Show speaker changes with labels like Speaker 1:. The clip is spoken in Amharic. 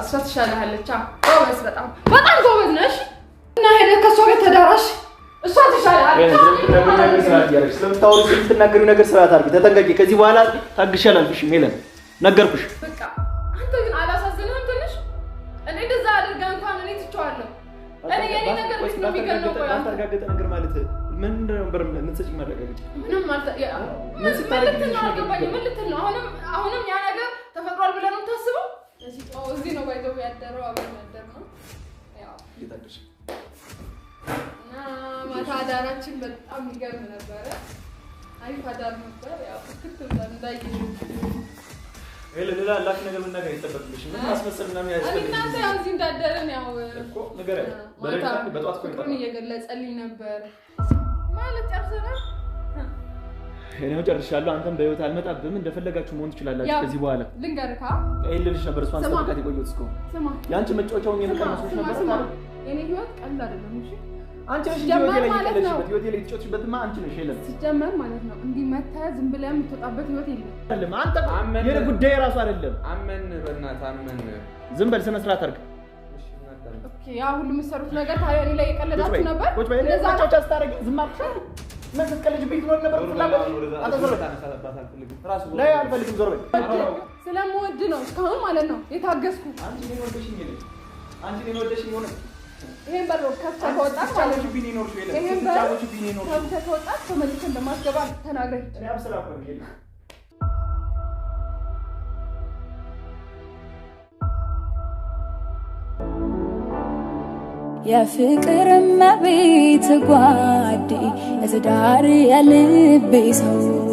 Speaker 1: እሷ ትሻላለች። ጎበዝ፣ በጣም በጣም ጎበዝ ነሽ እና ሄደህ ከእሷ ጋር ተዳራሽ። እሷ ትሻላለች።
Speaker 2: ስለምትናገሪው ነገር ስርዓት አድርጊ፣ ተጠንቀቂ። ከዚህ በኋላ ታግሻል አልኩሽ፣ ሜለን ነገርኩሽ።
Speaker 1: በቃ አንተ ግን አላሳዝንህም ትንሽ? እኔ እንደዛ አድርጋ እንኳን እኔ ትቼዋለሁ። እኔ የእኔ ነገር ነው የሚገርመው። ቆይ
Speaker 2: አንተ አረጋገጠ ነገር ማለት ምን ነበር የምትሰጪኝ ማረጋገጫ?
Speaker 1: ምንም አልተ ምን ልትል ነው አሁንም? አሁንም ያ ነገር ተፈጥሯል ብለህ ነው ያደረው አብረን ያደር ነው። ያው እና ማታ አዳራችን በጣም ይገርም ነበረ። አሪፍ አዳር ነበር። ያው ፍክት እንዳየ
Speaker 2: ሌላ ላክ ነገር መናገር አይጠበቅብሽ። ምን ማስመሰል ምናምን
Speaker 1: ያስፈልግ። ያው እዚህ እንዳደረን ያው
Speaker 2: እኮ ነገር ያለ በጠዋት እኮ
Speaker 1: እየገለጸልኝ ነበር ማለት ጨርሰናል።
Speaker 2: እኔው ጨርሻለሁ። አንተም በህይወት አልመጣብህም። እንደፈለጋችሁ መሆን ትችላላችሁ። ከዚህ በኋላ ልንገርካ ልልሽ ነበር። እሷን ስጠብቃት የቆየሁት እስከ የአንቺ መጫወቻውን የመቀር መስሎሽ
Speaker 1: ነበር። የኔ ህይወት ቀልድ አይደለም። እሺ
Speaker 2: አንቺ ነሽ ላይ የተጫወትሽበትማ አንቺ ነሽ። የለም
Speaker 1: ሲጀመር ማለት ነው እንዲህ መተህ ዝም ብለህ የምትወጣበት ህይወት
Speaker 2: የለም። አንተ ጉዳይ ራሱ አይደለም።
Speaker 3: አመን፣ በእናትህ አመን።
Speaker 2: ዝም በል፣ ስነ ስርዓት አድርግ።
Speaker 1: ያ ሁሉ የምትሰሩት ነገር ታዲያ እኔ ላይ የቀለዳችሁ ነበር።
Speaker 2: ዝም አልኩሽ የምትቀልጅብኝ ትኖር ነበር። ፍላጎት አልፈልግም። ዞር በል።
Speaker 1: ስለምወድ ነው እስካሁን ማለት ነው የታገስኩ። ይሄን በር ከፍተህ ከወጣት ማለት እንደማስገባ ተናግረህ
Speaker 2: የፍቅር እመቤት ጓዴ የትዳር የልቤ ሰው